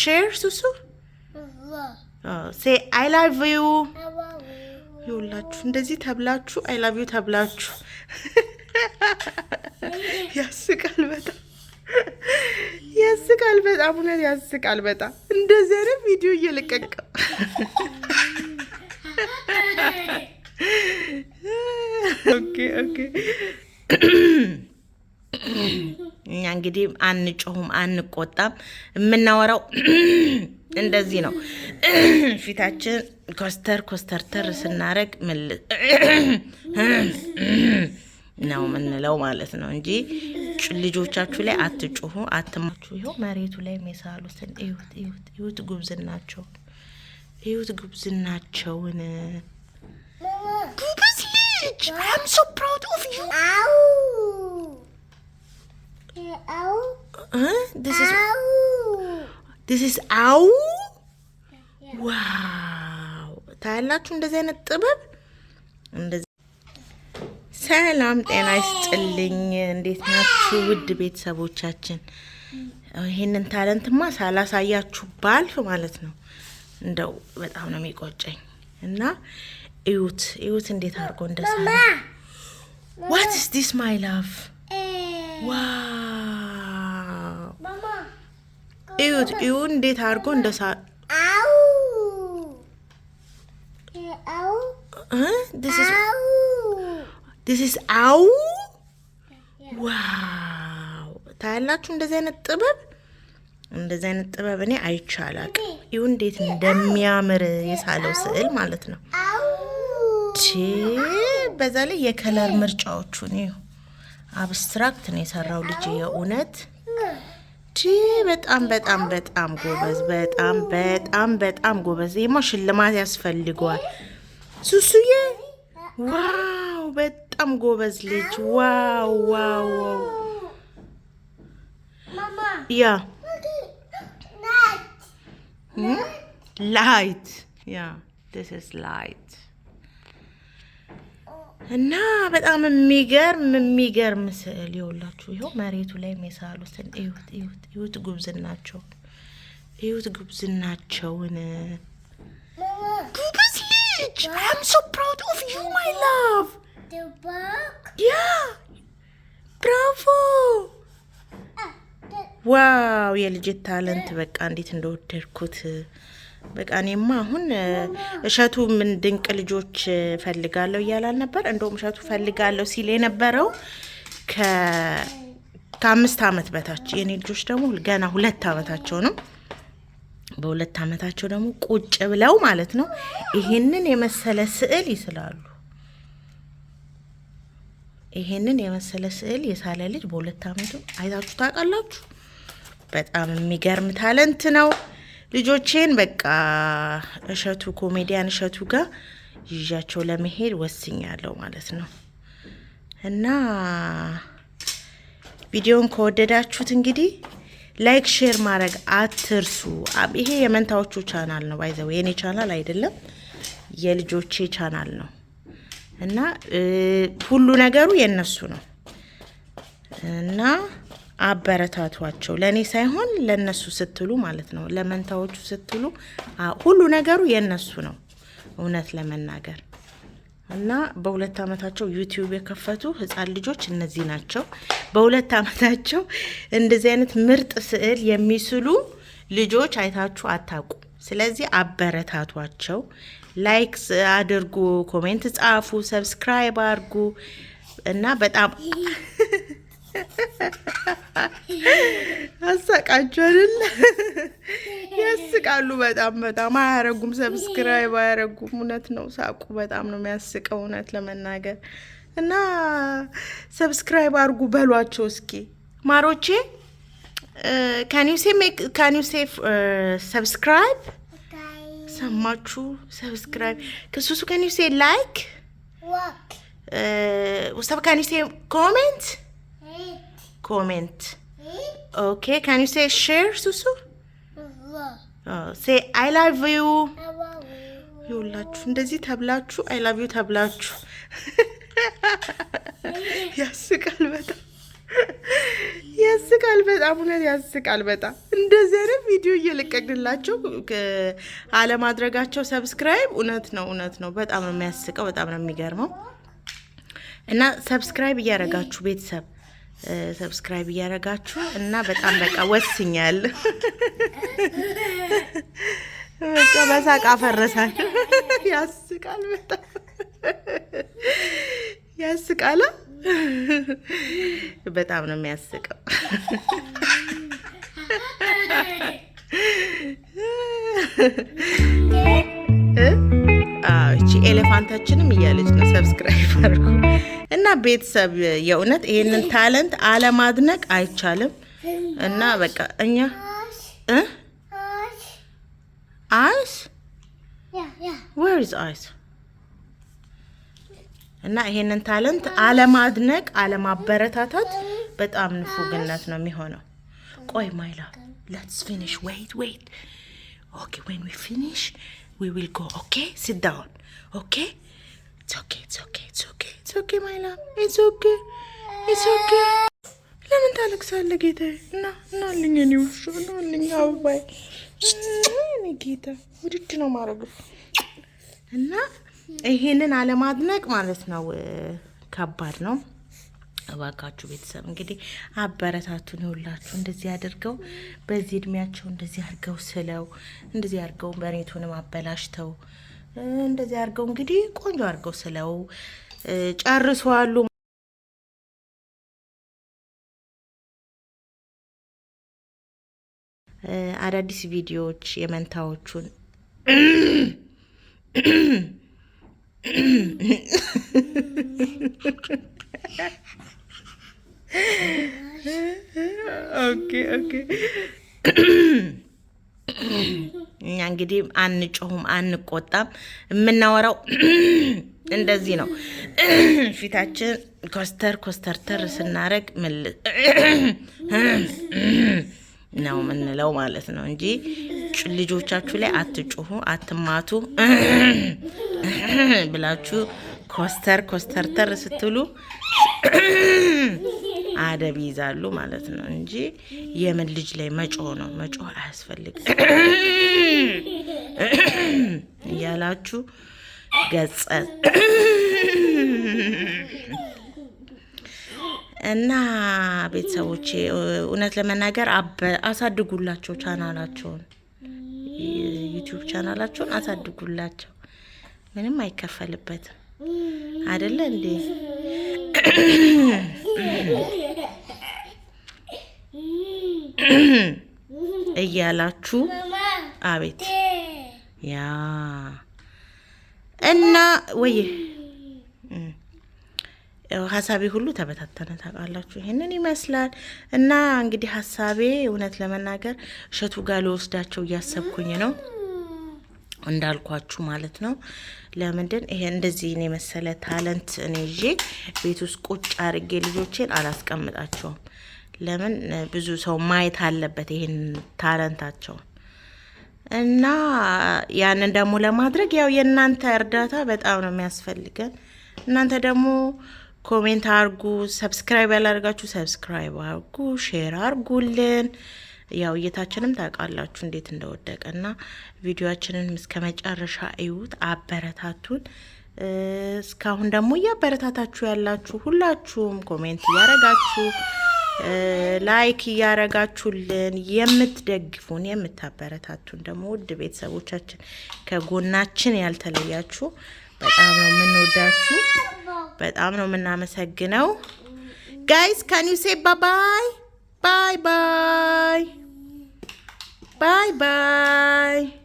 ሼር ሱሱ ሴ አይ ላቭ ዩ ይውላችሁ እንደዚህ ተብላችሁ አይ ላቭ ዩ ተብላችሁ ያስቃል በጣም ያስቃል በጣም እውነት ያስቃል በጣም እንደዚህ አይነት ቪዲዮ እየለቀቀ ኦኬ ኦኬ እንግዲህ አንጮሁም፣ አንቆጣም። የምናወራው እንደዚህ ነው። ፊታችን ኮስተር ኮስተርተር ስናረግ ምል ነው ምንለው ማለት ነው እንጂ ልጆቻችሁ ላይ አትጮሁ፣ አትማችሁ። ይኸው መሬቱ ላይ የሚሳሉትን እዩት ጉብዝናቸውን፣ እዩት ጉብዝናቸውን። ጉብዝ ልጅ ዲስ ኢዝ አው ዋው! ታያላችሁ እንደዚህ አይነት ጥበብ። ሰላም ጤና ይስጥልኝ። እንዴት ናችሁ ውድ ቤተሰቦቻችን? ይህንን ታለንትማ ሳላሳያችሁ ባልፍ ማለት ነው እንደው በጣም ነው የሚቆጨኝ። እና እዩት እዩት እንዴት አድርጎ እንደሳለ ዋት ኢስ ዲስ ማይ ላቭ ዋው እዩት እዩ እንዴት አድርጎ እንደሳ ዲስ አው ዋው ታያላችሁ። እንደዚህ አይነት ጥበብ እንደዚህ አይነት ጥበብ እኔ አይቼ ይሁ እንዴት እንደሚያምር የሳለው ስዕል ማለት ነው። በዛ ላይ የከለር ምርጫዎቹን ይሁ አብስትራክት ነው የሰራው ልጅ የእውነት በጣም በጣም በጣም ጎበዝ፣ በጣም በጣም በጣም ጎበዝ። ይሄማ ሽልማት ያስፈልገዋል። ሱሱዬ ዋው፣ በጣም ጎበዝ ልጅ። ዋው ዋው ዋው። ያ ላይት ያ ዲስ ኢዝ ላይት እና በጣም የሚገርም የሚገርም ስዕል የወላችሁ ይኸው መሬቱ ላይ የሳሉትን እዩት፣ እዩት፣ እዩት ጉብዝናቸውን፣ እዩት ጉብዝናቸውን። ጉብዝ ልጅ አይ አም ሶ ፕራውድ ኦፍ ዩ ማይ ላቭ ያ ብራቮ ዋው የልጅ ታለንት በቃ እንዴት እንደወደድኩት በቃ እኔማ አሁን እሸቱ ምን ድንቅ ልጆች ፈልጋለሁ እያላል ነበር። እንደውም እሸቱ ፈልጋለሁ ሲል የነበረው ከአምስት ዓመት በታች የኔ ልጆች ደግሞ ገና ሁለት ዓመታቸው ነው። በሁለት ዓመታቸው ደግሞ ቁጭ ብለው ማለት ነው ይህንን የመሰለ ስዕል ይስላሉ። ይሄንን የመሰለ ስዕል የሳለ ልጅ በሁለት ዓመቱ አይታችሁ ታውቃላችሁ? በጣም የሚገርም ታለንት ነው። ልጆቼን በቃ እሸቱ ኮሜዲያን እሸቱ ጋር ይዣቸው ለመሄድ ወስኛለሁ ማለት ነው። እና ቪዲዮን ከወደዳችሁት እንግዲህ ላይክ፣ ሼር ማድረግ አትርሱ። ይሄ የመንታዎቹ ቻናል ነው፣ ባይዘው የእኔ ቻናል አይደለም፣ የልጆቼ ቻናል ነው እና ሁሉ ነገሩ የእነሱ ነው እና አበረታቷቸው። ለእኔ ሳይሆን ለነሱ ስትሉ ማለት ነው፣ ለመንታዎቹ ስትሉ። ሁሉ ነገሩ የነሱ ነው እውነት ለመናገር እና በሁለት ዓመታቸው ዩቲዩብ የከፈቱ ህጻን ልጆች እነዚህ ናቸው። በሁለት ዓመታቸው እንደዚህ አይነት ምርጥ ስዕል የሚስሉ ልጆች አይታችሁ አታውቁ። ስለዚህ አበረታቷቸው፣ ላይክ አድርጉ፣ ኮሜንት ጻፉ፣ ሰብስክራይብ አድርጉ እና በጣም አሳቃችሁ አይደል? ያስቃሉ። በጣም በጣም አያረጉም፣ ሰብስክራይብ አያረጉም። እውነት ነው፣ ሳቁ በጣም ነው የሚያስቀው እውነት ለመናገር እና ሰብስክራይብ አድርጉ በሏቸው እስኪ ማሮቼ። ካኒው ሰብስክራይብ uh, ሰማችሁ? ሰብስክራይብ ከሱሱ ካኒው ላይክ ሰብ ሴ ኮሜንት comment. Eh? Okay, can you say share, Susu? Uh-huh. Oh, say I love you. ይውላችሁ እንደዚህ ተብላችሁ አይ ላቭ ዩ ተብላችሁ ያስቃል በጣም ያስቃል በጣም እውነት ያስቃል በጣም። እንደዚህ አይነት ቪዲዮ እየለቀቅንላቸው አለማድረጋቸው ሰብስክራይብ እውነት ነው እውነት ነው። በጣም ነው የሚያስቀው፣ በጣም ነው የሚገርመው እና ሰብስክራይብ እያደረጋችሁ ቤተሰብ ሰብስክራይብ እያደረጋችሁ እና በጣም በቃ ወስኛል። በቃ በሳቅ አፈረሳል። ያስቃል፣ በጣም ያስቃል። በጣም ነው የሚያስቀው። እ ኤሌፋንታችንም እያለች ነው። ሰብስክራይብ አድርጉ እና ቤተሰብ የእውነት ይህንን ታለንት አለማድነቅ አይቻልም። እና በቃ እኛ አይስ ዌር ኢዝ አይስ እና ይሄንን ታለንት አለማድነቅ አለማበረታታት በጣም ንፉግነት ነው የሚሆነው። ቆይ ማይላ ሌትስ ፊኒሽ ዌይት ዌይት ኦኬ ዌን ዊ ፊኒሽ we will go. Okay? Sit down. Okay? It's okay, it's okay, it's okay, it's okay, my love. It's okay, it's okay. ለምን ታለቅሳለህ ጌታዬ? እና እና ልኝ እኔ ውሾ እና ልኝ አበባዬ እኔ ጌታ ውድድ ነው ማድረግ እና ይሄንን አለማድነቅ ማለት ነው ከባድ ነው። እባካችሁ ቤተሰብ እንግዲህ አበረታቱን። ይውላችሁ እንደዚህ አድርገው በዚህ እድሜያቸው እንደዚህ አድርገው ስለው እንደዚህ አድርገው መሬቱንም አበላሽተው እንደዚህ አድርገው እንግዲህ ቆንጆ አድርገው ስለው ጨርሰዋሉ። አዳዲስ ቪዲዮዎች የመንታዎቹን ኦኬ ኦኬ። እኛ እንግዲህ አንጮሁም፣ አንቆጣም። የምናወራው እንደዚህ ነው። ፊታችን ኮስተር ኮስተርተር ስናረግ ነው የምንለው ማለት ነው እንጂ ልጆቻችሁ ላይ አትጩሁ፣ አትማቱ ብላችሁ ኮስተር ኮስተርተር ስትሉ አደብ ይዛሉ ማለት ነው እንጂ የምን ልጅ ላይ መጮህ ነው። መጮህ አያስፈልግ እያላችሁ ገጸ እና ቤተሰቦቼ እውነት ለመናገር አሳድጉላቸው፣ ቻናላቸውን ዩቲዩብ ቻናላቸውን አሳድጉላቸው። ምንም አይከፈልበትም። አይደለ እንዴ? እያላችሁ አቤት ያ እና ወይ ሀሳቤ ሁሉ ተበታተነ። ታውቃላችሁ ይህንን ይመስላል። እና እንግዲህ ሀሳቤ እውነት ለመናገር እሸቱ ጋር ልወስዳቸው እያሰብኩኝ ነው። እንዳልኳችሁ ማለት ነው። ለምንድን ይሄ እንደዚህ እኔ መሰለ ታለንት እኔ ይዤ ቤት ውስጥ ቁጭ አድርጌ ልጆቼን አላስቀምጣቸውም። ለምን ብዙ ሰው ማየት አለበት ይሄን ታለንታቸው እና ያንን ደግሞ ለማድረግ ያው የእናንተ እርዳታ በጣም ነው የሚያስፈልገን። እናንተ ደግሞ ኮሜንት አርጉ፣ ሰብስክራይብ ያላደርጋችሁ ሰብስክራይብ አርጉ፣ ሼር አርጉልን። ያው እይታችንም ታውቃላችሁ እንዴት እንደወደቀ እና ቪዲዮችንን እስከ መጨረሻ እዩት፣ አበረታቱን። እስካሁን ደግሞ እያበረታታችሁ ያላችሁ ሁላችሁም ኮሜንት እያረጋችሁ ላይክ እያረጋችሁልን የምትደግፉን የምታበረታቱን ደግሞ ውድ ቤተሰቦቻችን ከጎናችን ያልተለያችሁ በጣም ነው የምንወዳችሁ፣ በጣም ነው የምናመሰግነው። ጋይስ ካን ዩ ሴ ባባይ ባይ ባይ Bye bye.